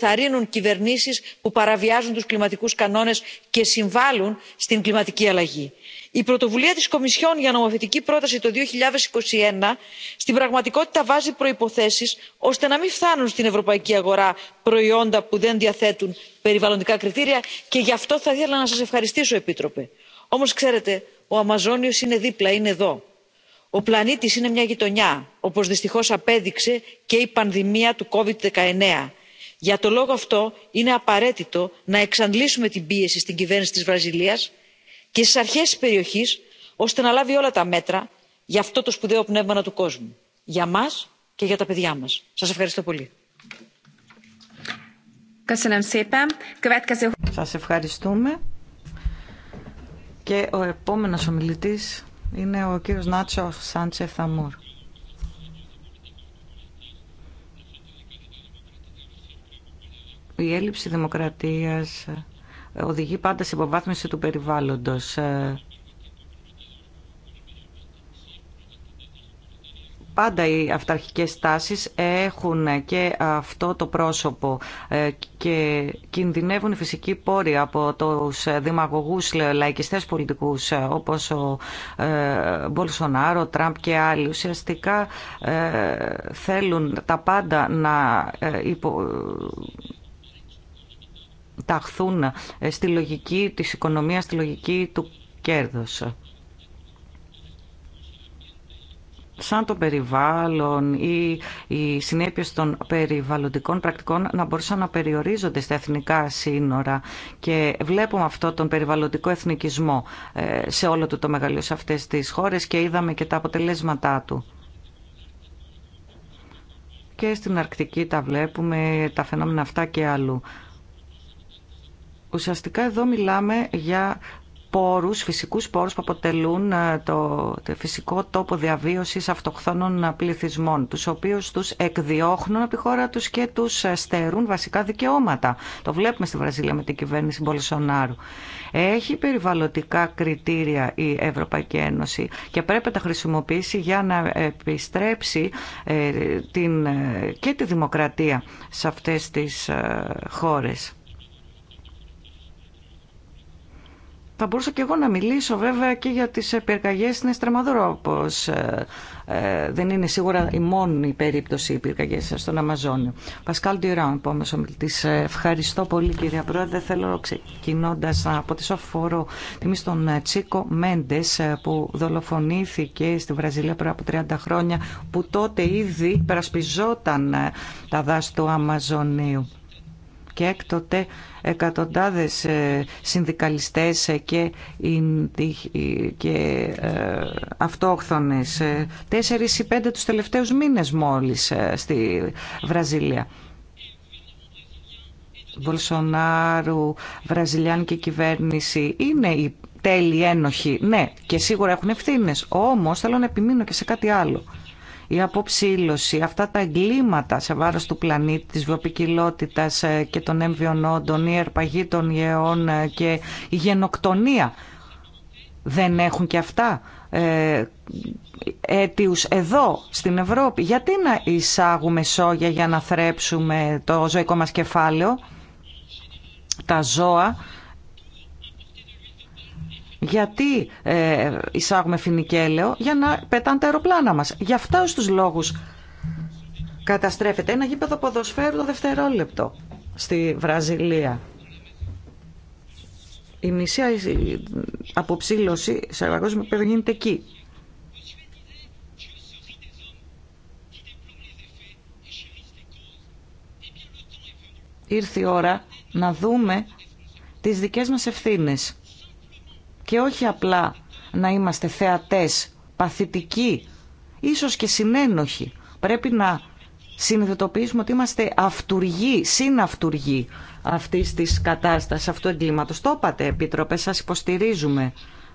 ενθαρρύνουν κυβερνήσεις που παραβιάζουν τους κλιματικούς κανόνες και συμβάλλουν στην κλιματική αλλαγή. η πρωτοβουλία της κομισιόν για νομοθετική πρόταση το 2021 στην πραγματικότητα βάζει προϋποθέσεις ώστε να μην φτάνουν στην ευρωπαϊκή αγορά προϊόντα που δεν διαθέτουν περιβαλλοντικά κριτήρια και γι' αυτό θα ήθελα να σας ευχαριστήσω επίτροπε. όμως ξέρετε ο αμαζόνιος είναι δίπλα είναι εδώ. ο πλανήτης είναι μια γειτονιά όπως δυστυχώς απέδειξε και η πανδημία του covid. 19 για τον λόγο αυτό είναι απαραίτητο να εξαντλήσουμε την πίεση στην κυβέρνηση της βραζιλίας και στις αρχές της περιοχής ώστε να λάβει όλα τα μέτρα για αυτό το σπουδαίο πνεύμα του κόσμου για μας και για τα παιδιά μας. Σας ευχαριστώ πολύ. Σας ευχαριστούμε. Και ο επόμενος ομιλητής είναι ο Νάτσο Η έλλειψη δημοκρατίας ε, οδηγεί πάντα σε υποβάθμιση του περιβάλλοντος. Ε, πάντα οι αυταρχικές τάσεις έχουν και αυτό το πρόσωπο ε, και κινδυνεύουν οι φυσικοί πόροι από τους δημαγωγούς λαϊκιστές πολιτικούς όπως ο Μπολσονάρο, Τραμπ και άλλοι. Ουσιαστικά θέλουν τα πάντα να υπο ταχθούν ε, στη λογική της οικονομίας, στη λογική του κέρδους. Σαν το περιβάλλον ή οι συνέπειες των περιβαλλοντικών πρακτικών να μπορούσαν να περιορίζονται στα εθνικά σύνορα και βλέπουμε αυτό τον περιβαλλοντικό εθνικισμό ε, σε όλο το, το μεγαλείο σε αυτές τις χώρες και είδαμε και τα αποτελέσματά του και στην Αρκτική τα βλέπουμε τα φαινόμενα αυτά και αλλού. Ουσιαστικά εδώ μιλάμε για πόρους, φυσικούς πόρους που αποτελούν ε, το, φυσικό τόπο διαβίωσης αυτοχθόνων ε, πληθυσμών, τους οποίους τους εκδιώχνουν από τη χώρα τους και τους ε, στερούν βασικά δικαιώματα. Το βλέπουμε στη Βραζίλια με την κυβέρνηση Μπολσονάρου. Έχει περιβαλλοντικά κριτήρια η Ευρωπαϊκή Ένωση και πρέπει να τα χρησιμοποιήσει για να επιστρέψει και τη δημοκρατία σε αυτές τις χώρες. Θα μπορούσα και εγώ να μιλήσω βέβαια και για τις ε, πυρκαγιές στην Εστρεμαδούρα, όπως ε, ε, δεν είναι σίγουρα η μόνη περίπτωση οι πυρκαγιές στον Αμαζόνιο. Πασκάλ Ντιουράν, επόμενος ομιλητής. Ε, ευχαριστώ πολύ κυρία Πρόεδρε. Θέλω ξεκινώντας από τη σοφόρο τιμή στον Τσίκο Μέντες που δολοφονήθηκε στη Βραζιλία πριν από 30 χρόνια, που τότε ήδη περασπιζόταν τα δάση του Αμαζονίου και έκτοτε εκατοντάδες ε, συνδικαλιστές και, και ε, αυτόχθονες. Ε, τέσσερις ή πέντε τους τελευταίους μήνες μόλις στη Βραζιλία. Βολσονάρου, Βραζιλιάνικη κυβέρνηση είναι η τέλειοι ένοχοι, ναι, και σίγουρα έχουν ευθύνε. Όμω θέλω να επιμείνω και σε κάτι άλλο η αποψήλωση, αυτά τα εγκλήματα σε βάρος του πλανήτη, της βιοπικιλότητας ε, και των έμβιων όντων, η ερπαγή των γεών ε, και η γενοκτονία δεν έχουν και αυτά ε, αίτιους εδώ στην Ευρώπη. Γιατί να εισάγουμε σόγια για να θρέψουμε το ζωικό μας κεφάλαιο, τα ζώα γιατί ε, εισάγουμε έλαιο. για να πετάνε τα αεροπλάνα μας. Γι' αυτά τους λόγους καταστρέφεται ένα γήπεδο ποδοσφαίρου το δευτερόλεπτο στη Βραζιλία. Η μισή αποψήλωση σε παγκόσμιο επίπεδο γίνεται εκεί. Ήρθε η ώρα να δούμε τις δικές μας ευθύνες και όχι απλά να είμαστε θεατές, παθητικοί, ίσως και συνένοχοι. Πρέπει να συνειδητοποιήσουμε ότι είμαστε αυτουργοί, συναυτουργοί αυτής της κατάστασης, αυτού του εγκλήματος. Το είπατε, Επίτροπε, σας υποστηρίζουμε.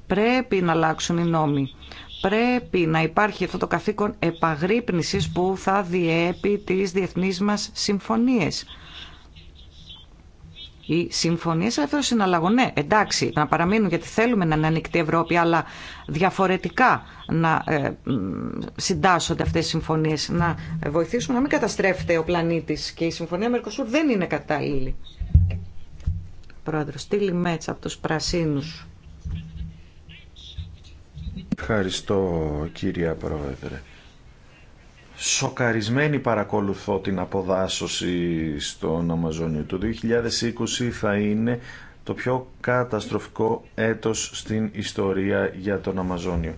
Πρέπει να αλλάξουν οι νόμοι. Πρέπει να υπάρχει αυτό το καθήκον επαγρύπνησης που θα διέπει τις διεθνείς μας συμφωνίες οι συμφωνίε ελεύθερων συναλλαγών. Ναι, εντάξει, να παραμείνουν γιατί θέλουμε να είναι ανοιχτή η Ευρώπη, αλλά διαφορετικά να ε, συντάσσονται αυτέ οι συμφωνίε, να βοηθήσουμε να μην καταστρέφεται ο πλανήτη. Και η συμφωνία Μερκοσούρ δεν είναι κατάλληλη. Πρόεδρο, στείλει μέτσα από του πρασίνου. Ευχαριστώ κύριε Πρόεδρε σοκαρισμένη παρακολουθώ την αποδάσωση στον Αμαζόνιο. Το 2020 θα είναι το πιο καταστροφικό έτος στην ιστορία για τον Αμαζόνιο.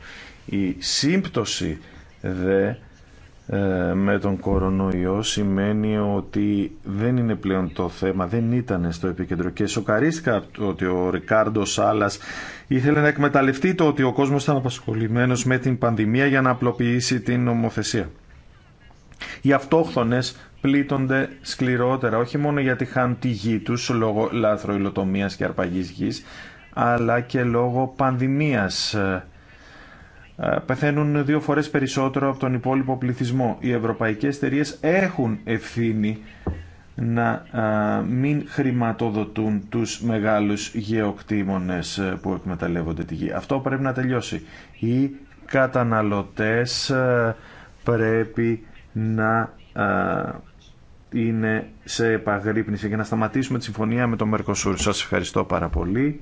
Η σύμπτωση δε ε, με τον κορονοϊό σημαίνει ότι δεν είναι πλέον το θέμα, δεν ήταν στο επίκεντρο και σοκαρίστηκα ότι ο Ρικάρντο Σάλλας ήθελε να εκμεταλλευτεί το ότι ο κόσμος ήταν απασχολημένος με την πανδημία για να απλοποιήσει την νομοθεσία. Οι αυτόχθονες πλήττονται σκληρότερα, όχι μόνο γιατί χάνουν τη γη τους λόγω λάθροϊλοτομίας και αρπαγής γης, αλλά και λόγω πανδημίας. Ε, ε, πεθαίνουν δύο φορές περισσότερο από τον υπόλοιπο πληθυσμό. Οι ευρωπαϊκές εταιρείε έχουν ευθύνη να ε, μην χρηματοδοτούν τους μεγάλους γεωκτήμονες που εκμεταλλεύονται τη γη. Αυτό πρέπει να τελειώσει. Οι καταναλωτές πρέπει να είναι σε επαγρύπνηση και να σταματήσουμε τη συμφωνία με τον Μερκοσούρ. Σας ευχαριστώ πάρα πολύ.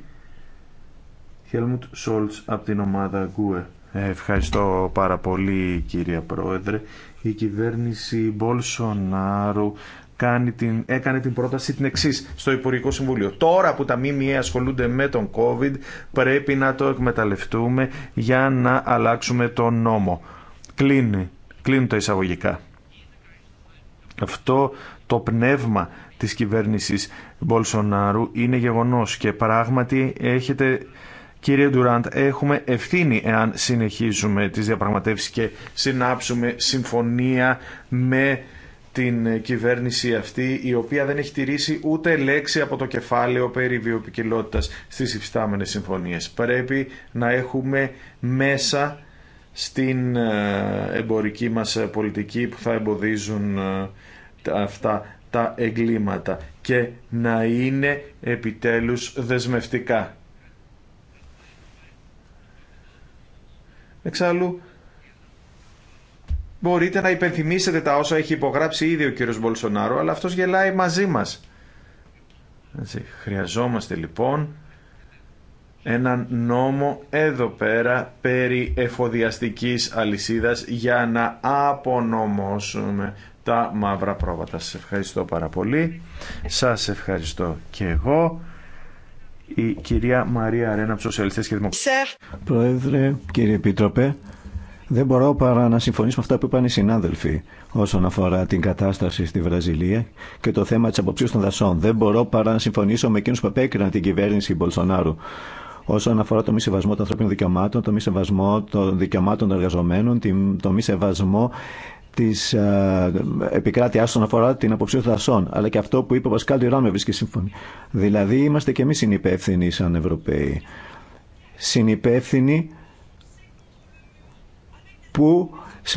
Χέλμουτ Σόλτς από την ομάδα Γκουε. Ευχαριστώ πάρα πολύ κύριε Πρόεδρε. Η κυβέρνηση Μπολσονάρου κάνει την, έκανε την πρόταση την εξή στο Υπουργικό Συμβούλιο. Τώρα που τα ΜΜΕ ασχολούνται με τον COVID πρέπει να το εκμεταλλευτούμε για να αλλάξουμε τον νόμο. Κλείνει Κλείνουν τα εισαγωγικά. Αυτό το πνεύμα της κυβέρνησης Μπολσονάρου είναι γεγονός και πράγματι έχετε Κύριε Ντουράντ, έχουμε ευθύνη εάν συνεχίζουμε τις διαπραγματεύσεις και συνάψουμε συμφωνία με την κυβέρνηση αυτή η οποία δεν έχει τηρήσει ούτε λέξη από το κεφάλαιο περί βιοπικιλότητας στις υφιστάμενες συμφωνίες. Πρέπει να έχουμε μέσα στην ε, εμπορική μας ε, πολιτική που θα εμποδίζουν ε, αυτά τα εγκλήματα και να είναι επιτέλους δεσμευτικά. Εξάλλου, μπορείτε να υπενθυμίσετε τα όσα έχει υπογράψει ήδη ο κύριος Μπολσονάρο, αλλά αυτός γελάει μαζί μας. χρειαζόμαστε λοιπόν έναν νόμο εδώ πέρα περί εφοδιαστικής αλυσίδας για να απονομώσουμε τα μαύρα πρόβατα. Σας ευχαριστώ πάρα πολύ. Σας ευχαριστώ και εγώ. Η κυρία Μαρία Αρένα, από Σοσιαλιστές και Δημοκρατίας. Πρόεδρε, κύριε Επίτροπε, δεν μπορώ παρά να συμφωνήσω με αυτά που είπαν οι συνάδελφοι όσον αφορά την κατάσταση στη Βραζιλία και το θέμα τη αποψίωση των δασών. Δεν μπορώ παρά να συμφωνήσω με εκείνου που απέκριναν την κυβέρνηση Μπολσονάρου όσον αφορά το μη σεβασμό των ανθρωπίνων δικαιωμάτων, το μη σεβασμό των δικαιωμάτων των εργαζομένων, το μη σεβασμό τη ε, επικράτειά όσον αφορά την αποψίωση δασών. Αλλά και αυτό που είπε ο Πασκάλ Τιράν με βρίσκει σύμφωνη. Δηλαδή είμαστε και εμεί συνυπεύθυνοι σαν Ευρωπαίοι. Συνυπεύθυνοι που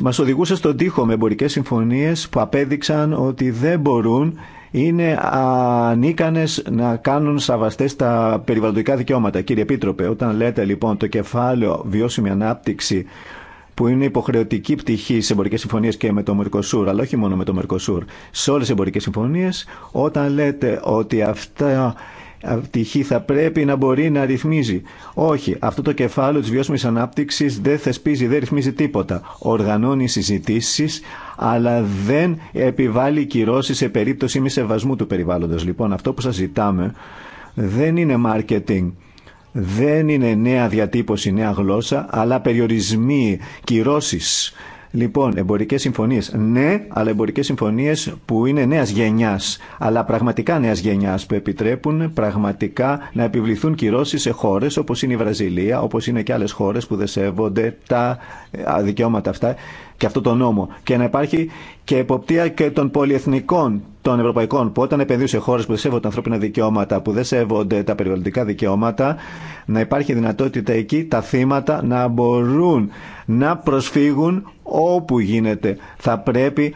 μα οδηγούσε στον τοίχο με εμπορικέ συμφωνίε που απέδειξαν ότι δεν μπορούν είναι ανίκανες να κάνουν σαβαστές τα περιβαλλοντικά δικαιώματα. Κύριε Επίτροπε, όταν λέτε λοιπόν το κεφάλαιο βιώσιμη ανάπτυξη που είναι υποχρεωτική πτυχή σε εμπορικέ συμφωνίε και με το Μερκοσούρ, αλλά όχι μόνο με το Μερκοσούρ, σε όλε τι εμπορικέ συμφωνίε, όταν λέτε ότι αυτά Τυχή θα πρέπει να μπορεί να ρυθμίζει. Όχι, αυτό το κεφάλαιο της βιώσιμη ανάπτυξη δεν θεσπίζει, δεν ρυθμίζει τίποτα. Οργανώνει συζητήσει, αλλά δεν επιβάλλει κυρώσει σε περίπτωση μη σεβασμού του περιβάλλοντος. Λοιπόν, αυτό που σας ζητάμε δεν είναι marketing. Δεν είναι νέα διατύπωση, νέα γλώσσα, αλλά περιορισμοί, κυρώσεις Λοιπόν, εμπορικέ συμφωνίε. Ναι, αλλά εμπορικέ συμφωνίε που είναι νέα γενιά, αλλά πραγματικά νέα γενιά, που επιτρέπουν πραγματικά να επιβληθούν κυρώσει σε χώρε όπω είναι η Βραζιλία, όπω είναι και άλλε χώρε που δεν τα ε, δικαιώματα αυτά και αυτό το νόμο. Και να υπάρχει και εποπτεία και των πολυεθνικών των Ευρωπαϊκών που όταν επενδύουν σε χώρε που δεν σέβονται ανθρώπινα δικαιώματα, που δεν σέβονται τα περιβαλλοντικά δικαιώματα, να υπάρχει δυνατότητα εκεί τα θύματα να μπορούν να προσφύγουν όπου γίνεται. Θα πρέπει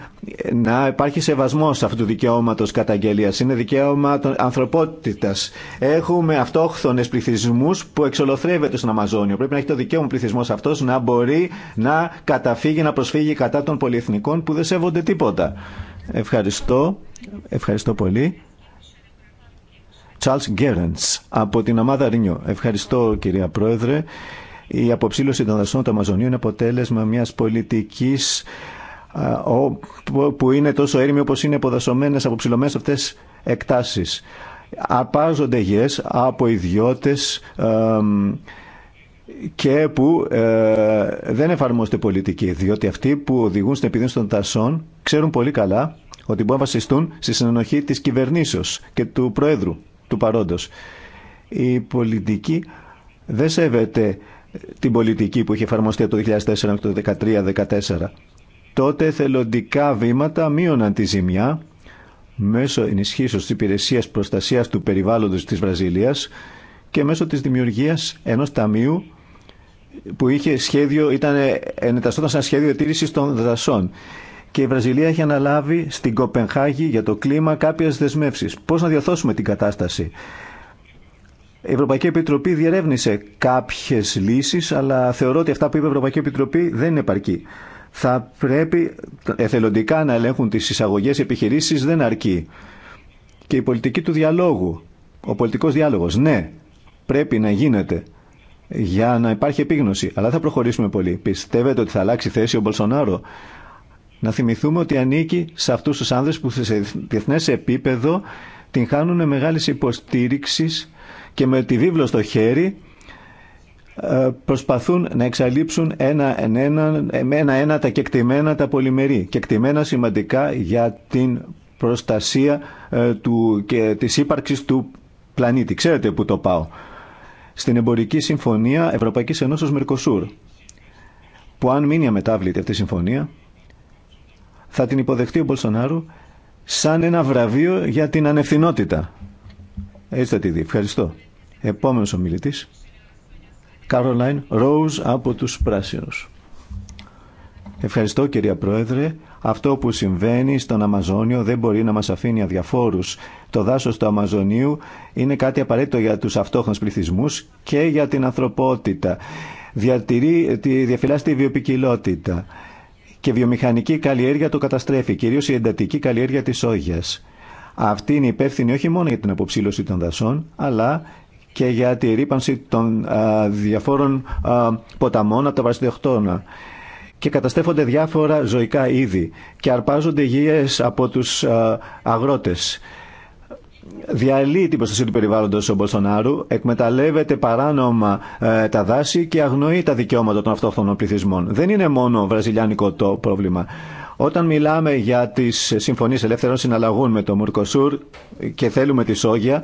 να υπάρχει σεβασμό αυτού του δικαιώματο καταγγελία. Είναι δικαίωμα ανθρωπότητα. Έχουμε αυτόχθονε πληθυσμού που εξολοθρεύεται στον Αμαζόνιο. Πρέπει να έχει το δικαίωμα πληθυσμό αυτό να μπορεί να καταφύγει, να προσφύγει κατά των πολυεθνικών που δεν σέβονται τίποτα. Ευχαριστώ. Ευχαριστώ πολύ. Charles Γκέρεντς από την ομάδα Ρινιό. Ευχαριστώ κυρία Πρόεδρε. Η αποψήλωση των δασών του Αμαζονίου είναι αποτέλεσμα μιας πολιτικής που είναι τόσο έρημη όπως είναι αποδασωμένες, αποψηλωμένες αυτές εκτάσεις. Απάζονται γες από ιδιώτες, και που ε, δεν εφαρμόζεται πολιτική, διότι αυτοί που οδηγούν στην επιδείνωση των τασών ξέρουν πολύ καλά ότι μπορούν να βασιστούν στη συνενοχή της κυβερνήσεως και του Προέδρου, του παρόντος. Η πολιτική δεν σέβεται την πολιτική που είχε εφαρμοστεί από το 2004 μέχρι το 2013-2014. Τότε θελοντικά βήματα μείωναν τη ζημιά μέσω ενισχύσεως της υπηρεσίας προστασίας του περιβάλλοντος της Βραζιλίας και μέσω της δημιουργίας ενός ταμείου που είχε σχέδιο, ήταν, ε, ενεταστόταν σαν σχέδιο ετήρησης των δασών. Και η Βραζιλία έχει αναλάβει στην Κοπενχάγη για το κλίμα κάποιες δεσμεύσεις. Πώς να διορθώσουμε την κατάσταση. Η Ευρωπαϊκή Επιτροπή διερεύνησε κάποιες λύσεις, αλλά θεωρώ ότι αυτά που είπε η Ευρωπαϊκή Επιτροπή δεν είναι επαρκή. Θα πρέπει εθελοντικά να ελέγχουν τις εισαγωγές επιχειρήσεις δεν αρκεί. Και η πολιτική του διαλόγου, ο πολιτικός διάλογος, ναι, πρέπει να γίνεται για να υπάρχει επίγνωση. Αλλά θα προχωρήσουμε πολύ. Πιστεύετε ότι θα αλλάξει θέση ο Μπολσονάρο. Να θυμηθούμε ότι ανήκει σε αυτού του άνδρες που σε διεθνέ επίπεδο την χάνουν μεγάλη υποστήριξη και με τη βίβλο στο χέρι ε, προσπαθούν να εξαλείψουν ένα, ένα, ένα, ένα τα κεκτημένα τα πολυμερή. Κεκτημένα σημαντικά για την προστασία ε, του, και της ύπαρξης του πλανήτη. Ξέρετε που το πάω στην εμπορική συμφωνία Ευρωπαϊκής Ενώσεω Μερκοσούρ, που αν μείνει αμετάβλητη αυτή η συμφωνία, θα την υποδεχτεί ο Μπολσονάρου σαν ένα βραβείο για την ανευθυνότητα. Έτσι θα τη δει. Ευχαριστώ. Επόμενος ομιλητής, Κάρολάιν Ρόουζ από τους Πράσινους. Ευχαριστώ κυρία Πρόεδρε. Αυτό που συμβαίνει στον Αμαζόνιο δεν μπορεί να μας αφήνει αδιαφόρους. Το δάσος του Αμαζονίου είναι κάτι απαραίτητο για τους αυτόχθονες πληθυσμούς και για την ανθρωπότητα. Διατηρεί, διαφυλάσσει τη βιοπικιλότητα και βιομηχανική καλλιέργεια το καταστρέφει, κυρίως η εντατική καλλιέργεια της σόγιας. Αυτή είναι υπεύθυνη όχι μόνο για την αποψήλωση των δασών, αλλά και για τη ρήπανση των διαφόρων ποταμών από τα και καταστρέφονται διάφορα ζωικά είδη και αρπάζονται υγιές από τους ε, αγρότες. Διαλύει την προστασία του περιβάλλοντο ο Μπολσονάρου, εκμεταλλεύεται παράνομα ε, τα δάση και αγνοεί τα δικαιώματα των αυτόχθονων πληθυσμών. Δεν είναι μόνο βραζιλιάνικο το πρόβλημα. Όταν μιλάμε για τι συμφωνίε ελεύθερων συναλλαγών με το Μουρκοσούρ και θέλουμε τη Σόγια,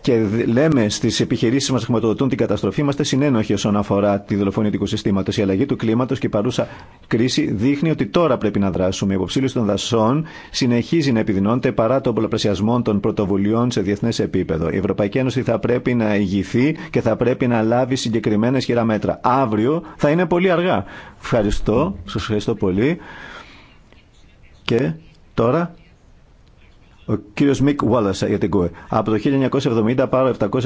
και λέμε στι επιχειρήσει μα που χρηματοδοτούν την καταστροφή, είμαστε συνένοχοι όσον αφορά τη δολοφονία του οικοσυστήματο. Η αλλαγή του κλίματο και η παρούσα κρίση δείχνει ότι τώρα πρέπει να δράσουμε. Η υποψήλωση των δασών συνεχίζει να επιδεινώνεται παρά τον πολλαπλασιασμό των πρωτοβουλειών σε διεθνέ επίπεδο. Η Ευρωπαϊκή Ένωση θα πρέπει να ηγηθεί και θα πρέπει να λάβει συγκεκριμένα ισχυρά μέτρα. Αύριο θα είναι πολύ αργά. Ευχαριστώ. Σα ευχαριστώ πολύ. Και τώρα ο κύριο Μικ Wallace για την ΚΟΕ. Από το 1970 πάνω 700.000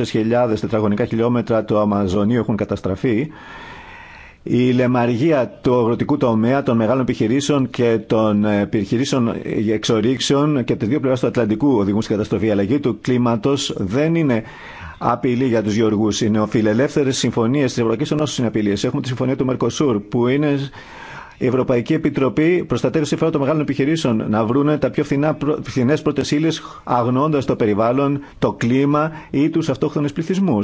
τετραγωνικά χιλιόμετρα του Αμαζονίου έχουν καταστραφεί. Η λεμαργία του αγροτικού τομέα, των μεγάλων επιχειρήσεων και των ε, επιχειρήσεων εξορίξεων και από τι δύο πλευρά του Ατλαντικού οδηγούν στην καταστροφή. Η αλλαγή του κλίματο δεν είναι απειλή για του γεωργού. Οι νεοφιλελεύθερε συμφωνίε τη Ευρωπαϊκή Ενώση είναι απειλίε. Έχουμε τη συμφωνία του Μερκοσούρ που είναι η Ευρωπαϊκή Επιτροπή προστατεύει συμφέρον των μεγάλων επιχειρήσεων να βρούνε τα πιο φθηνέ πρώτε ύλε, αγνώντα το περιβάλλον, το κλίμα ή του αυτόχθονε πληθυσμού.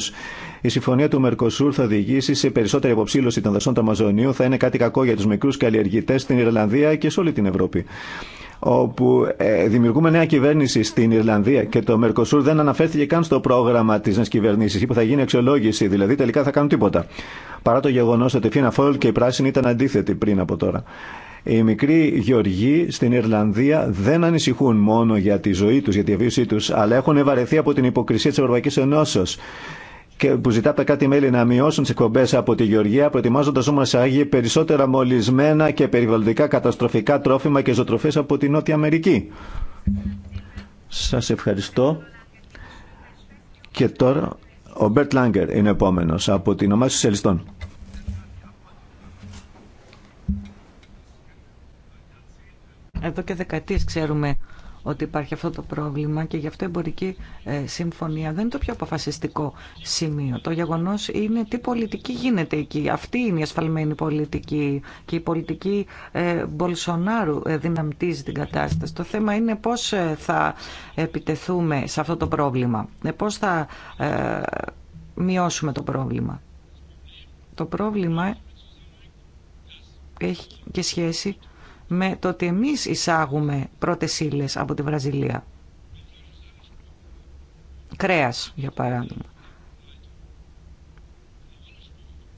Η συμφωνία του Μερκοσούρ θα οδηγήσει σε περισσότερη υποψήλωση των δασών του Αμαζονίου, θα είναι κάτι κακό για του μικρού καλλιεργητέ στην Ιρλανδία και σε όλη την Ευρώπη όπου ε, δημιουργούμε νέα κυβέρνηση στην Ιρλανδία και το Μερκοσούρ δεν αναφέρθηκε καν στο πρόγραμμα τη νέα κυβέρνηση, που θα γίνει αξιολόγηση, δηλαδή τελικά θα κάνουν τίποτα. Παρά το γεγονό ότι η Φίνα Φόλ και η Πράσινη ήταν αντίθετη πριν από τώρα. Οι μικροί γεωργοί στην Ιρλανδία δεν ανησυχούν μόνο για τη ζωή του, για τη βίωσή του, αλλά έχουν ευαρεθεί από την υποκρισία τη Ευρωπαϊκή Ενώσεω και που ζητά τα κάτι μέλη να μειώσουν τι εκπομπέ από τη Γεωργία, προετοιμάζοντα όμω Άγιοι περισσότερα μολυσμένα και περιβαλλοντικά καταστροφικά τρόφιμα και ζωοτροφέ από τη Νότια Αμερική. Σα ευχαριστώ. Και τώρα ο Μπέρτ Λάγκερ είναι επόμενο από την ομάδα Σοσιαλιστών. Εδώ και δεκαετίες ξέρουμε ότι υπάρχει αυτό το πρόβλημα και γι' αυτό η εμπορική ε, συμφωνία δεν είναι το πιο αποφασιστικό σημείο. Το γεγονό είναι τι πολιτική γίνεται εκεί. Αυτή είναι η ασφαλμένη πολιτική και η πολιτική ε, Μπολσονάρου ε, δυναμτίζει την κατάσταση. Το θέμα είναι πώ θα επιτεθούμε σε αυτό το πρόβλημα, πώ θα μειώσουμε το πρόβλημα. Το πρόβλημα έχει και σχέση με το ότι εμείς εισάγουμε πρώτες ύλε από τη Βραζιλία. Κρέας, για παράδειγμα.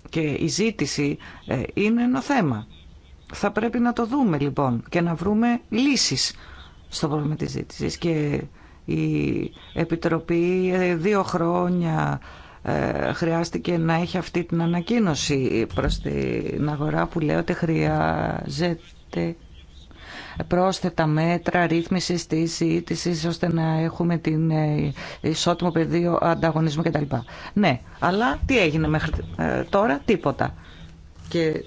Και η ζήτηση ε, είναι ένα θέμα. Θα πρέπει να το δούμε λοιπόν και να βρούμε λύσεις στο πρόβλημα της ζήτησης. Και η Επιτροπή ε, δύο χρόνια ε, χρειάστηκε να έχει αυτή την ανακοίνωση προς την αγορά που λέει ότι χρειάζεται πρόσθετα μέτρα ρύθμιση τη ζήτησης ώστε να έχουμε την ε, ισότιμο πεδίο ανταγωνισμού κτλ. Ναι, αλλά τι έγινε μέχρι ε, τώρα, τίποτα. Και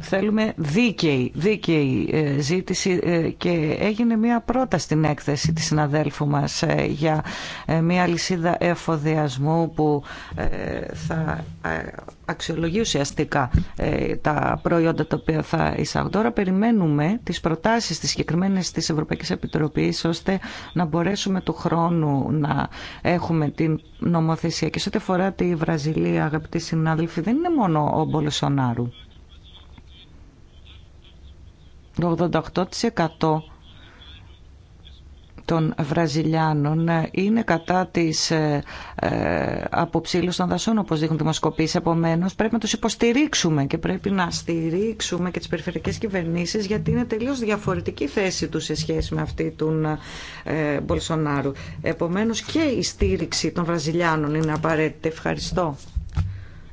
θέλουμε δίκαιη, δίκαιη ε, ζήτηση και έγινε μία πρόταση στην έκθεση της συναδέλφου μας για μία λυσίδα εφοδιασμού που θα αξιολογεί ουσιαστικά ε, τα προϊόντα τα οποία θα εισάγουν. Τώρα περιμένουμε τις προτάσεις τις συγκεκριμένη της Ευρωπαϊκής Επιτροπής ώστε να μπορέσουμε του χρόνου να έχουμε την νομοθεσία. Και σε ό,τι αφορά τη Βραζιλία, αγαπητοί συνάδελφοι, δεν είναι μόνο ο Μπολσονάρου. Το 88% των Βραζιλιάνων είναι κατά της ε, ε, αποψήλωσης των δασών όπως δείχνουν δημοσκοπήσεις. επομένω. πρέπει να τους υποστηρίξουμε και πρέπει να στηρίξουμε και τις περιφερειακές κυβερνήσεις γιατί είναι τελείως διαφορετική θέση τους σε σχέση με αυτή του ε, Μπολσονάρου. Επομένως και η στήριξη των Βραζιλιάνων είναι απαραίτητη. Ευχαριστώ.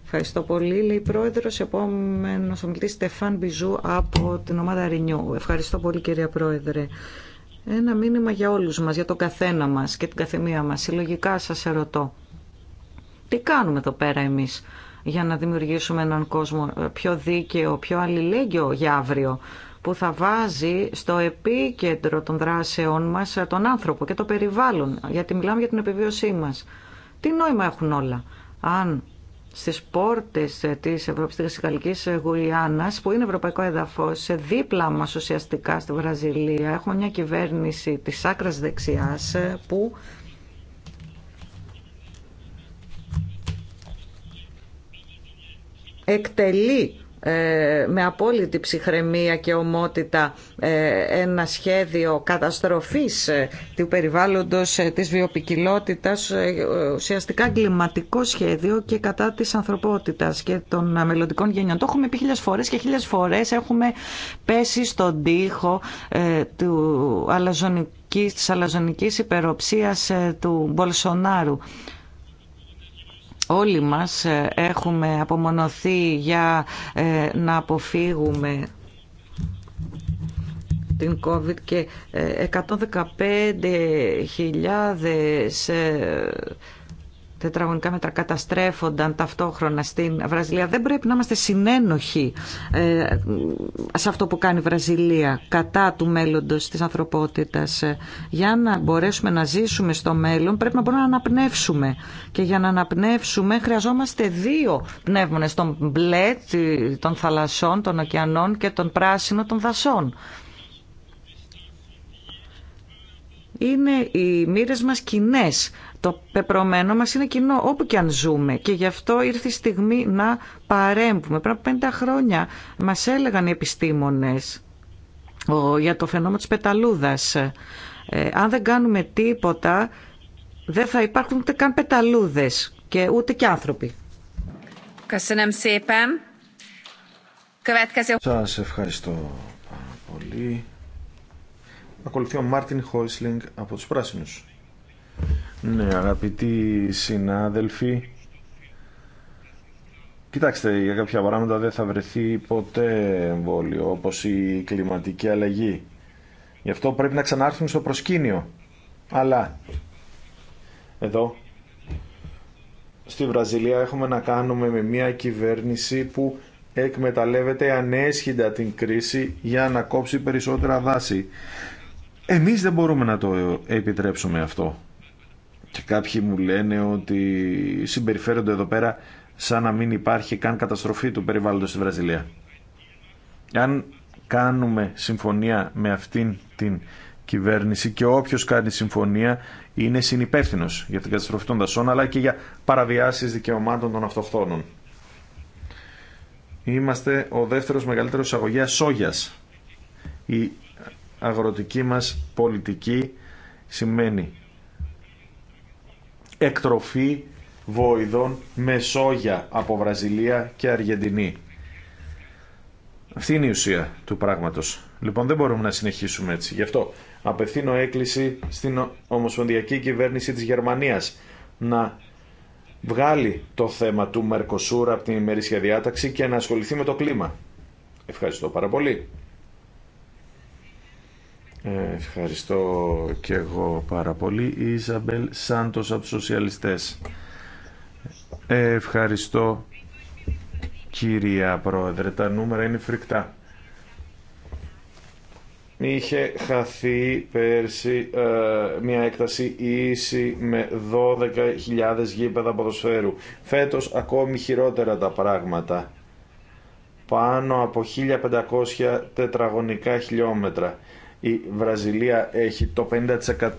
Ευχαριστώ πολύ. Λέει πρόεδρο, επόμενο ομιλητή Στεφάν Μπιζού από την ομάδα Ρινιού. Ευχαριστώ πολύ, κυρία Πρόεδρε. Ένα μήνυμα για όλους μας, για τον καθένα μας και την καθεμία μας. Συλλογικά σας ερωτώ. Τι κάνουμε εδώ πέρα εμείς για να δημιουργήσουμε έναν κόσμο ε, πιο δίκαιο, πιο αλληλέγγυο για αύριο που θα βάζει στο επίκεντρο των δράσεών μας ε, τον άνθρωπο και το περιβάλλον, γιατί μιλάμε για την επιβίωσή μας. Τι νόημα έχουν όλα, στις πόρτες ε, της Ευρώπης της Γαλλικής ε, που είναι ευρωπαϊκό έδαφος δίπλα μας ουσιαστικά στη Βραζιλία έχουμε μια κυβέρνηση της άκρας δεξιάς ε, που εκτελεί ε, με απόλυτη ψυχραιμία και ομότητα ε, ένα σχέδιο καταστροφής ε, του περιβάλλοντος της βιοπικιλότητας, ουσιαστικά κλιματικό σχέδιο και κατά της ανθρωπότητας και των μελλοντικών γενιών. Το έχουμε πει χίλιες φορές και χίλιες φορές έχουμε πέσει στον τοίχο του αλαζονικής, της αλαζονικής υπεροψίας του Μπολσονάρου όλοι μας ε, έχουμε απομονωθεί για ε, να αποφύγουμε την COVID και 115.000 ε, τετραγωνικά μέτρα καταστρέφονταν ταυτόχρονα στην Βραζιλία. Δεν πρέπει να είμαστε συνένοχοι ε, σε αυτό που κάνει η Βραζιλία κατά του μέλλοντος της ανθρωπότητας. Ε, για να μπορέσουμε να ζήσουμε στο μέλλον πρέπει να μπορούμε να αναπνεύσουμε. Και για να αναπνεύσουμε χρειαζόμαστε δύο πνεύμονες, τον μπλε ε, των θαλασσών, των ωκεανών και τον πράσινο των δασών. Είναι οι μοίρες μας κοινέ το πεπρωμένο μας είναι κοινό όπου και αν ζούμε και γι' αυτό ήρθε η στιγμή να παρέμβουμε. Πριν από πέντε χρόνια μας έλεγαν οι επιστήμονες για το φαινόμενο της πεταλούδας. Ε, αν δεν κάνουμε τίποτα δεν θα υπάρχουν ούτε καν πεταλούδες και ούτε και άνθρωποι. Σα ευχαριστώ πάρα πολύ. Ακολουθεί ο Μάρτιν Χόισλινγκ από τους Πράσινους. Ναι, αγαπητοί συνάδελφοι, κοιτάξτε, για κάποια πράγματα δεν θα βρεθεί ποτέ εμβόλιο, όπως η κλιματική αλλαγή. Γι' αυτό πρέπει να ξανάρθουν στο προσκήνιο. Αλλά, εδώ, στη Βραζιλία έχουμε να κάνουμε με μια κυβέρνηση που εκμεταλλεύεται ανέσχυντα την κρίση για να κόψει περισσότερα δάση. Εμείς δεν μπορούμε να το επιτρέψουμε αυτό. Και κάποιοι μου λένε ότι συμπεριφέρονται εδώ πέρα σαν να μην υπάρχει καν καταστροφή του περιβάλλοντος στη Βραζιλία. Αν κάνουμε συμφωνία με αυτήν την κυβέρνηση και όποιος κάνει συμφωνία είναι συνυπεύθυνο για την καταστροφή των δασών αλλά και για παραβιάσεις δικαιωμάτων των αυτοχθόνων. Είμαστε ο δεύτερος μεγαλύτερος αγωγέας σόγιας. Η αγροτική μας πολιτική σημαίνει εκτροφή βοηδών με σόγια από Βραζιλία και Αργεντινή. Αυτή είναι η ουσία του πράγματος. Λοιπόν δεν μπορούμε να συνεχίσουμε έτσι. Γι' αυτό απευθύνω έκκληση στην Ομοσπονδιακή Κυβέρνηση της Γερμανίας να βγάλει το θέμα του Μερκοσούρα από την ημερήσια διάταξη και να ασχοληθεί με το κλίμα. Ευχαριστώ πάρα πολύ. Ε, ευχαριστώ και εγώ πάρα πολύ. Η Ιζαμπέλ Σάντος από τους Σοσιαλιστές. Ε, ευχαριστώ κυρία Πρόεδρε. Τα νούμερα είναι φρικτά. Είχε χαθεί πέρσι ε, μια έκταση ίση με 12.000 γήπεδα ποδοσφαίρου. Φέτος ακόμη χειρότερα τα πράγματα. Πάνω από 1.500 τετραγωνικά χιλιόμετρα η Βραζιλία έχει το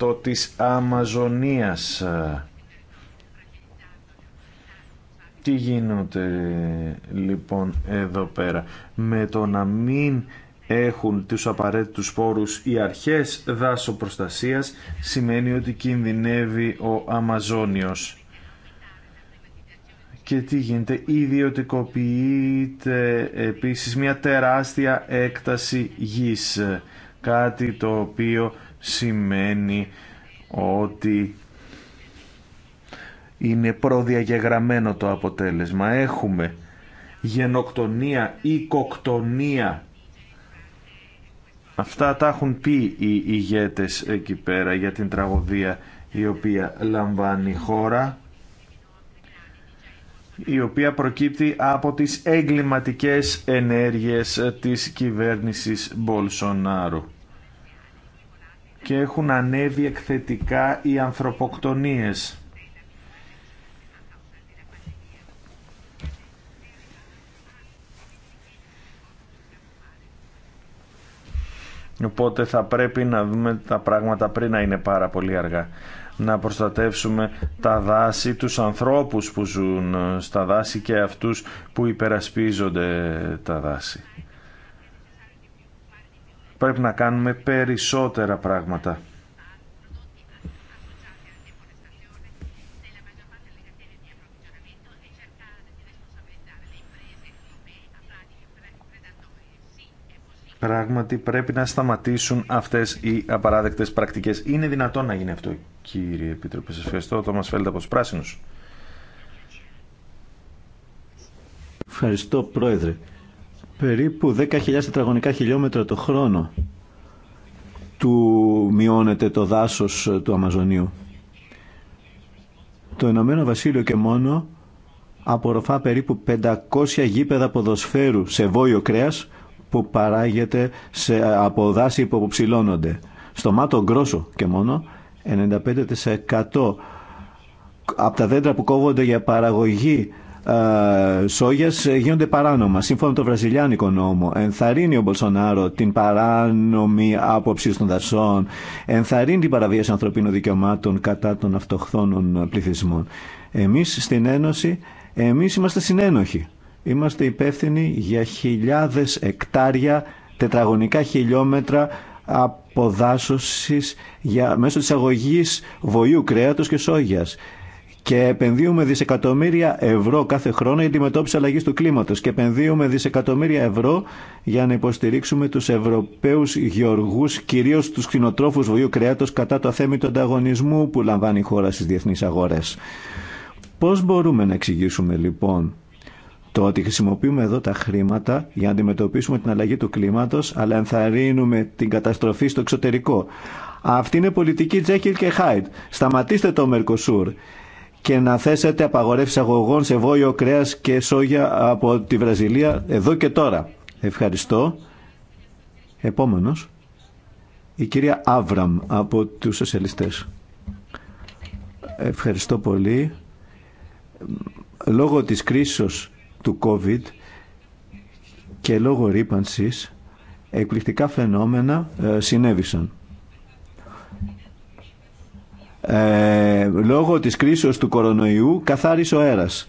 50% της Αμαζονίας. Τι γίνονται λοιπόν εδώ πέρα με το να μην έχουν τους απαραίτητους πόρους οι αρχές δάσο προστασίας σημαίνει ότι κινδυνεύει ο Αμαζόνιος. Και τι γίνεται, ιδιωτικοποιείται επίσης μια τεράστια έκταση γης κάτι το οποίο σημαίνει ότι είναι προδιαγεγραμμένο το αποτέλεσμα. Έχουμε γενοκτονία ή κοκτονία. Αυτά τα έχουν πει οι ηγέτες εκεί πέρα για την τραγωδία η οποία λαμβάνει χώρα η οποία προκύπτει από τις εγκληματικές ενέργειες της κυβέρνησης Μπολσονάρου και έχουν ανέβει εκθετικά οι ανθρωποκτονίες. Οπότε θα πρέπει να δούμε τα πράγματα πριν να είναι πάρα πολύ αργά. Να προστατεύσουμε τα δάση, τους ανθρώπους που ζουν στα δάση και αυτούς που υπερασπίζονται τα δάση. Πρέπει να κάνουμε περισσότερα πράγματα. Πράγματι πρέπει να σταματήσουν αυτές οι απαράδεκτες πρακτικές. Είναι δυνατόν να γίνει αυτό, κύριε Επίτροπε. Σας ευχαριστώ. Το μας φέλετε από τους πράσινους. Ευχαριστώ, Πρόεδρε περίπου 10.000 τετραγωνικά χιλιόμετρα το χρόνο του μειώνεται το δάσος ε, του Αμαζονίου. Το Ηνωμένο Βασίλειο και μόνο απορροφά περίπου 500 γήπεδα ποδοσφαίρου σε βόλιο κρέας που παράγεται σε, από δάση που αποψηλώνονται. Στο Μάτο Γκρόσο και μόνο 95% από τα δέντρα που κόβονται για παραγωγή ε, σόγιας ε, γίνονται παράνομα. Σύμφωνα με το βραζιλιάνικο νόμο, ενθαρρύνει ο Μπολσονάρο την παράνομη άποψη των δασών, ενθαρρύνει την παραβίαση ανθρωπίνων δικαιωμάτων κατά των αυτοχθόνων πληθυσμών. Εμείς στην Ένωση, εμείς είμαστε συνένοχοι. Είμαστε υπεύθυνοι για χιλιάδες εκτάρια, τετραγωνικά χιλιόμετρα αποδάσωση μέσω τη αγωγή βοηού κρέατος και σόγιας και επενδύουμε δισεκατομμύρια ευρώ κάθε χρόνο για τη μετώπιση αλλαγή του κλίματο. Και επενδύουμε δισεκατομμύρια ευρώ για να υποστηρίξουμε του Ευρωπαίου γεωργού, κυρίω του κτηνοτρόφου βοηθού κρέατο, κατά το του ανταγωνισμού που λαμβάνει η χώρα στι διεθνεί αγορέ. Πώ μπορούμε να εξηγήσουμε λοιπόν το ότι χρησιμοποιούμε εδώ τα χρήματα για να αντιμετωπίσουμε την αλλαγή του κλίματο, αλλά ενθαρρύνουμε την καταστροφή στο εξωτερικό. Αυτή είναι πολιτική Τζέκιλ και Χάιντ. Σταματήστε το Μερκοσούρ και να θέσετε απαγορεύσεις αγωγών σε βόλιο κρέας και σόγια από τη Βραζιλία εδώ και τώρα. Ευχαριστώ. Επόμενος, η κυρία Άβραμ από τους σοσιαλιστές. Ευχαριστώ πολύ. Λόγω της κρίσης του COVID και λόγω ρήπανσης, εκπληκτικά φαινόμενα ε, συνέβησαν. Ε, λόγω της κρίσεως του κορονοϊού καθάρισε ο αέρας.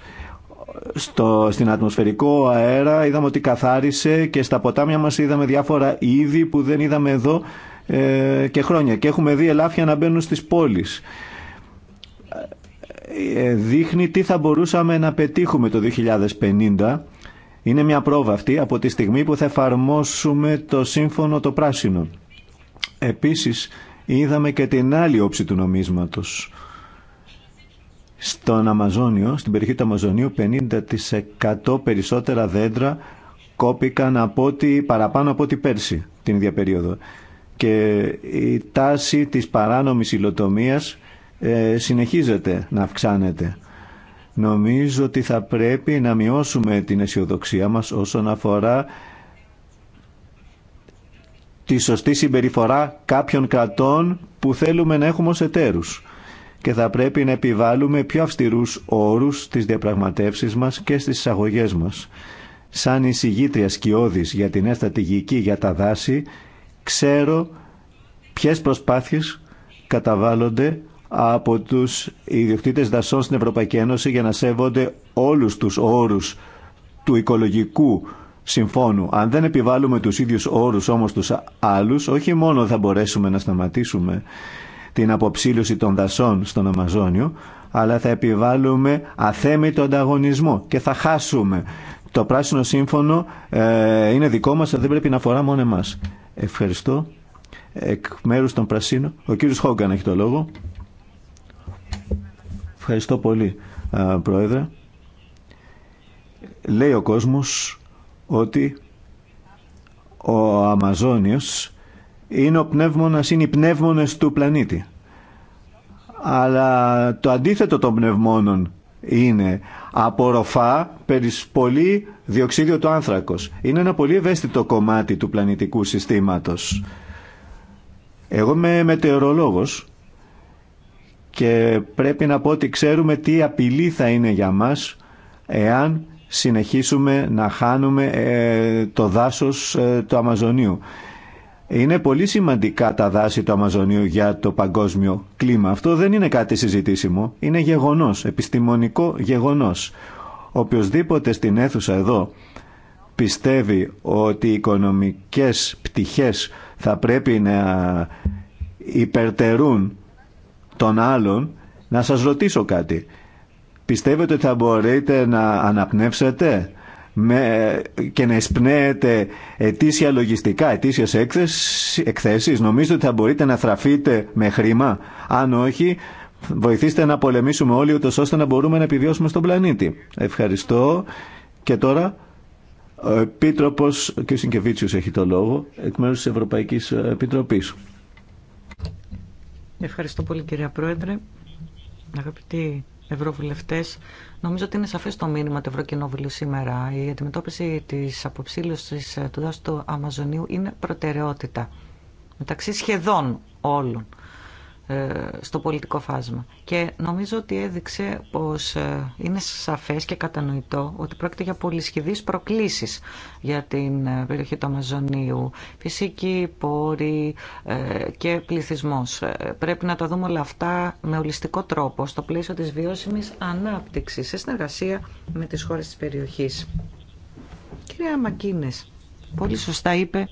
Στο, στην ατμοσφαιρικό αέρα είδαμε ότι καθάρισε και στα ποτάμια μας είδαμε διάφορα είδη που δεν είδαμε εδώ ε, και χρόνια. Και έχουμε δει ελάφια να μπαίνουν στις πόλεις. Ε, δείχνει τι θα μπορούσαμε να πετύχουμε το 2050. Είναι μια πρόβα αυτή από τη στιγμή που θα εφαρμόσουμε το σύμφωνο το πράσινο. Επίσης, είδαμε και την άλλη όψη του νομίσματος. Στον Αμαζόνιο, στην περιοχή του Αμαζονίου, 50% περισσότερα δέντρα κόπηκαν από παραπάνω από ό,τι πέρσι την ίδια περίοδο. Και η τάση της παράνομης υλοτομίας ε, συνεχίζεται να αυξάνεται. Νομίζω ότι θα πρέπει να μειώσουμε την αισιοδοξία μας όσον αφορά τη σωστή συμπεριφορά κάποιων κρατών που θέλουμε να έχουμε ως εταίρους και θα πρέπει να επιβάλλουμε πιο αυστηρούς όρους στις διαπραγματεύσεις μας και στις εισαγωγές μας. Σαν εισηγήτρια σκιώδης για την νέα για τα δάση, ξέρω ποιες προσπάθειες καταβάλλονται από τους ιδιοκτήτες δασών στην Ευρωπαϊκή Ένωση για να σέβονται όλους τους όρους του οικολογικού συμφώνου. Αν δεν επιβάλλουμε τους ίδιους όρους όμως τους άλλους, όχι μόνο θα μπορέσουμε να σταματήσουμε την αποψήλωση των δασών στον Αμαζόνιο, αλλά θα επιβάλλουμε αθέμητο ανταγωνισμό και θα χάσουμε. Το πράσινο σύμφωνο ε, είναι δικό μας, δεν πρέπει να αφορά μόνο εμάς. Ευχαριστώ. Εκ μέρου των Πρασίνων, ο κύριος Χόγκαν έχει το λόγο. Ευχαριστώ πολύ, ε, Πρόεδρε. Λέει ο κόσμος ότι ο Αμαζόνιος είναι ο πνεύμονας, είναι οι πνεύμονες του πλανήτη. Αλλά το αντίθετο των πνευμόνων είναι απορροφά περις πολύ διοξίδιο του άνθρακος. Είναι ένα πολύ ευαίσθητο κομμάτι του πλανητικού συστήματος. Εγώ είμαι μετεωρολόγος και πρέπει να πω ότι ξέρουμε τι απειλή θα είναι για μας εάν συνεχίσουμε να χάνουμε ε, το δάσος ε, του Αμαζονίου. Είναι πολύ σημαντικά τα δάση του Αμαζονίου για το παγκόσμιο κλίμα. Αυτό δεν είναι κάτι συζητήσιμο. Είναι γεγονός, επιστημονικό γεγονός. Οποιοςδήποτε στην αίθουσα εδώ πιστεύει ότι οι οικονομικές πτυχές θα πρέπει να υπερτερούν των άλλων, να σας ρωτήσω κάτι. Πιστεύετε ότι θα μπορείτε να αναπνεύσετε με, και να εισπνέετε ετήσια λογιστικά, ετήσια εκθέσει. εκθέσεις. Νομίζω ότι θα μπορείτε να θραφείτε με χρήμα. Αν όχι, βοηθήστε να πολεμήσουμε όλοι ούτως ώστε να μπορούμε να επιβιώσουμε στον πλανήτη. Ευχαριστώ. Και τώρα ο Επίτροπος, ο κ. έχει το λόγο, εκ μέρους της Ευρωπαϊκής Επιτροπής. Ευχαριστώ πολύ κυρία Πρόεδρε ευρωβουλευτέ. νομίζω ότι είναι σαφέ το μήνυμα του Ευρωκοινοβουλίου σήμερα. Η αντιμετώπιση της αποψήλωση του δάσου του Αμαζονίου είναι προτεραιότητα μεταξύ σχεδόν όλων ε, στο πολιτικό φάσμα. Και νομίζω ότι έδειξε πως ε, είναι σαφές και κατανοητό ότι πρόκειται για πολυσχηδείς προκλήσεις για την ε, περιοχή του Αμαζονίου. Φυσική, πόρη και πληθυσμός. Πρέπει να τα δούμε όλα αυτά με ολιστικό τρόπο στο πλαίσιο της βιώσιμης ανάπτυξης σε συνεργασία με τις χώρες της περιοχής. Κυρία Μακίνες, πολύ σωστά είπε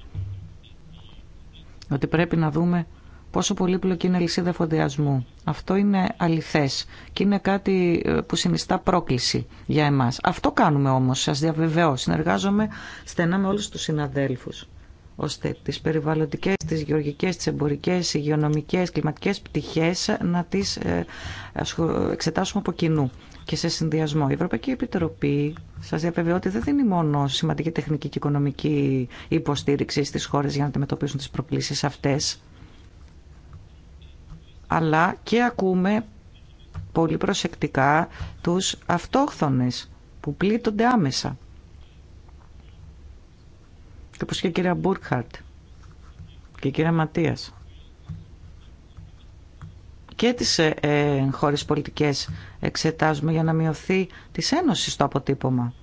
ότι πρέπει να δούμε πόσο πολύπλοκη είναι η λυσίδα φωδιασμού. Αυτό είναι αληθε. και είναι κάτι ε, που συνιστά πρόκληση για εμά. Αυτό κάνουμε όμω. Σα διαβεβαιώ. Συνεργάζομαι στενά με όλου του συναδέλφους ώστε τις περιβαλλοντικές, τις γεωργικές, τις εμπορικές, υγειονομικές, κλιματικές πτυχές να τις ε, εξετάσουμε από κοινού και σε συνδυασμό. Η Ευρωπαϊκή Επιτροπή σα διαβεβαιώ ότι δεν δίνει μόνο σημαντική τεχνική και οικονομική υποστήριξη στι χώρε για να αντιμετωπίσουν τι προκλήσει αυτέ, αλλά και ακούμε πολύ προσεκτικά τους αυτόχθονες που πλήττονται άμεσα. Και όπως και η κυρία Μπούρκχαρτ και η κυρία Ματίας. Και τις ε, ε, χώρες πολιτικές εξετάζουμε για να μειωθεί της Ένωσης το αποτύπωμα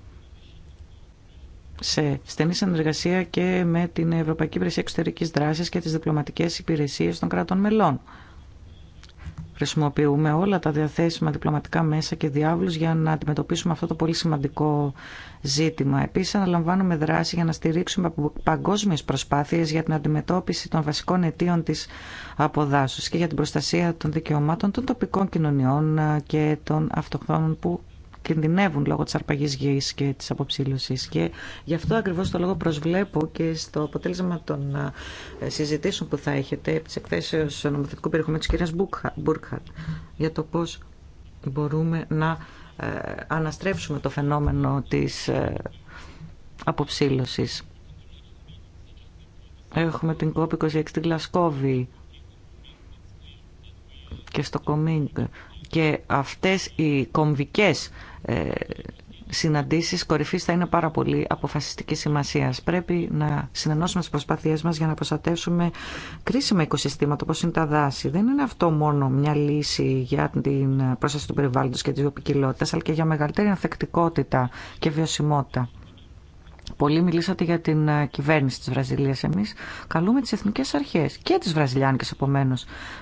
σε στενή συνεργασία και με την Ευρωπαϊκή Υπηρεσία Εξωτερικής Δράσης και τις διπλωματικές υπηρεσίες των κρατών μελών. Χρησιμοποιούμε όλα τα διαθέσιμα διπλωματικά μέσα και διάβλους για να αντιμετωπίσουμε αυτό το πολύ σημαντικό ζήτημα. Επίσης, αναλαμβάνουμε δράση για να στηρίξουμε παγκόσμιες προσπάθειες για την αντιμετώπιση των βασικών αιτίων της αποδάσωσης και για την προστασία των δικαιωμάτων των τοπικών κοινωνιών ε, και των αυτοκτόνων που κινδυνεύουν λόγω της αρπαγής γης και της αποψήλωσης. Και γι' αυτό ακριβώς το λόγο προσβλέπω και στο αποτέλεσμα των ε, συζητήσεων που θα έχετε επί της εκθέσεως νομοθετικού περιεχομένου της κυρίας Μπούρκχαρτ για το πώς μπορούμε να ε, αναστρέψουμε το φαινόμενο της ε, αποψήλωσης. Έχουμε την COP26 στην Γλασκόβη και στο Κομίνγκ και αυτές οι κομβικές ε, συναντήσεις κορυφής θα είναι πάρα πολύ αποφασιστική σημασία. Πρέπει να συνενώσουμε τις προσπάθειές μας για να προστατεύσουμε κρίσιμα οικοσυστήματα όπως είναι τα δάση. Δεν είναι αυτό μόνο μια λύση για την πρόσταση του περιβάλλοντος και της βιοποικιλότητας αλλά και για μεγαλύτερη ανθεκτικότητα και βιωσιμότητα. Πολύ μιλήσατε για την ε, κυβέρνηση της Βραζιλίας εμείς. Καλούμε τις εθνικές αρχές και τις βραζιλιάνικες επομένω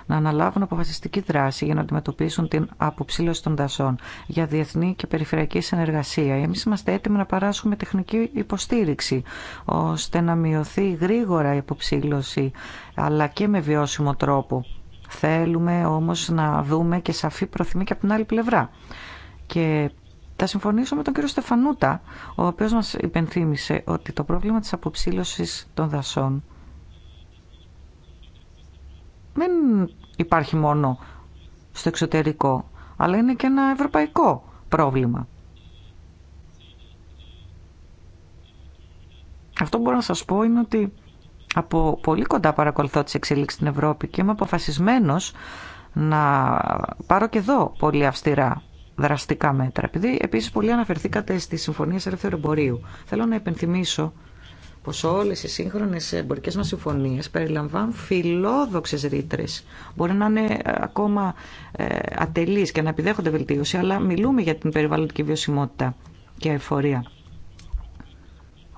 να αναλάβουν αποφασιστική δράση για να αντιμετωπίσουν την αποψήλωση των δασών για διεθνή και περιφερειακή συνεργασία. Εμείς είμαστε έτοιμοι να παράσχουμε τεχνική υποστήριξη ώστε να μειωθεί γρήγορα η αποψήλωση αλλά και με βιώσιμο τρόπο. Θέλουμε όμως να δούμε και σαφή προθυμία και από την άλλη πλευρά. Και θα συμφωνήσω με τον κύριο Στεφανούτα, ο οποίος μας υπενθύμησε ότι το πρόβλημα της αποψήλωσης των δασών δεν υπάρχει μόνο στο εξωτερικό, αλλά είναι και ένα ευρωπαϊκό πρόβλημα. Αυτό που μπορώ να σας πω είναι ότι από πολύ κοντά παρακολουθώ τις εξελίξεις στην Ευρώπη και είμαι αποφασισμένος να πάρω και εδώ πολύ αυστηρά δραστικά μέτρα. Επειδή επίση πολύ αναφερθήκατε στι συμφωνίε ελεύθερου εμπορίου, θέλω να επενθυμίσω πως όλες οι σύγχρονες εμπορικέ μα συμφωνίες περιλαμβάνουν φιλόδοξες ρήτρε. Μπορεί να είναι ε, ακόμα ε, ατελείς και να επιδέχονται βελτίωση, αλλά μιλούμε για την περιβαλλοντική βιωσιμότητα και εφορία.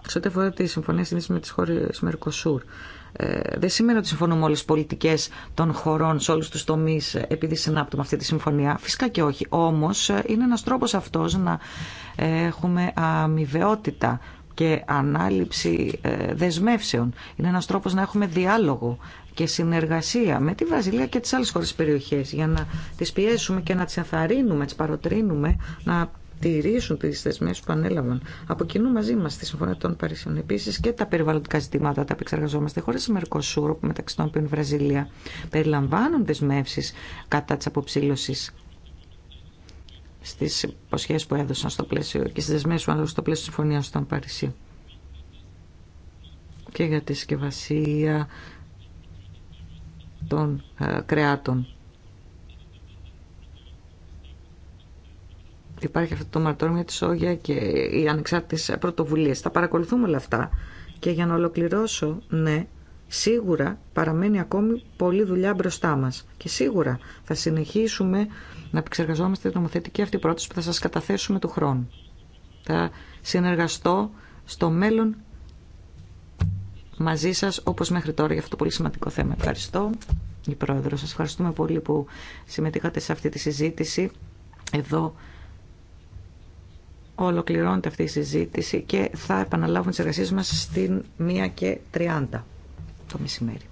Σε ό,τι αφορά τη συμφωνίε με τι χώρε Μερκοσούρ, ε, δεν σημαίνει ότι συμφωνούμε όλε τι πολιτικέ των χωρών σε όλου του τομεί επειδή συνάπτουμε αυτή τη συμφωνία. Φυσικά και όχι. Όμω ε, είναι ένα τρόπο αυτό να ε, έχουμε αμοιβαιότητα και ανάληψη δεσμεύσεων. Είναι ένας τρόπος να έχουμε διάλογο και συνεργασία με τη Βραζιλία και τις άλλες χώρες περιοχές για να τις πιέσουμε και να τις ενθαρρύνουμε, τις παροτρύνουμε να τηρήσουν τι δεσμεύσει που ανέλαβαν από κοινού μαζί μα στη Συμφωνία των Παρισιών. Επίση και τα περιβαλλοντικά ζητήματα τα επεξεργαζόμαστε. Χώρε η Μερκοσούρ, που μεταξύ των οποίων η Βραζιλία, περιλαμβάνουν δεσμεύσει κατά τη αποψήλωση στι υποσχέσει που έδωσαν στο πλαίσιο και στι δεσμεύσει που έδωσαν στο πλαίσιο τη Συμφωνία των Παρισίων. Και για τη συσκευασία των ε, κρεάτων Υπάρχει αυτό το μαρτώριο για τη Σόγια και οι ανεξάρτητες πρωτοβουλίες. Θα παρακολουθούμε όλα αυτά και για να ολοκληρώσω, ναι, σίγουρα παραμένει ακόμη πολλή δουλειά μπροστά μας και σίγουρα θα συνεχίσουμε να επεξεργαζόμαστε την νομοθετική αυτή πρόταση που θα σας καταθέσουμε του χρόνου. Θα συνεργαστώ στο μέλλον μαζί σας όπως μέχρι τώρα για αυτό το πολύ σημαντικό θέμα. Ευχαριστώ, η Πρόεδρο. Σας ευχαριστούμε πολύ που συμμετείχατε σε αυτή τη συζήτηση εδώ Ολοκληρώνεται αυτή η συζήτηση και θα επαναλάβουμε τις εργασίες μας στην 1 και 30 το μεσημέρι.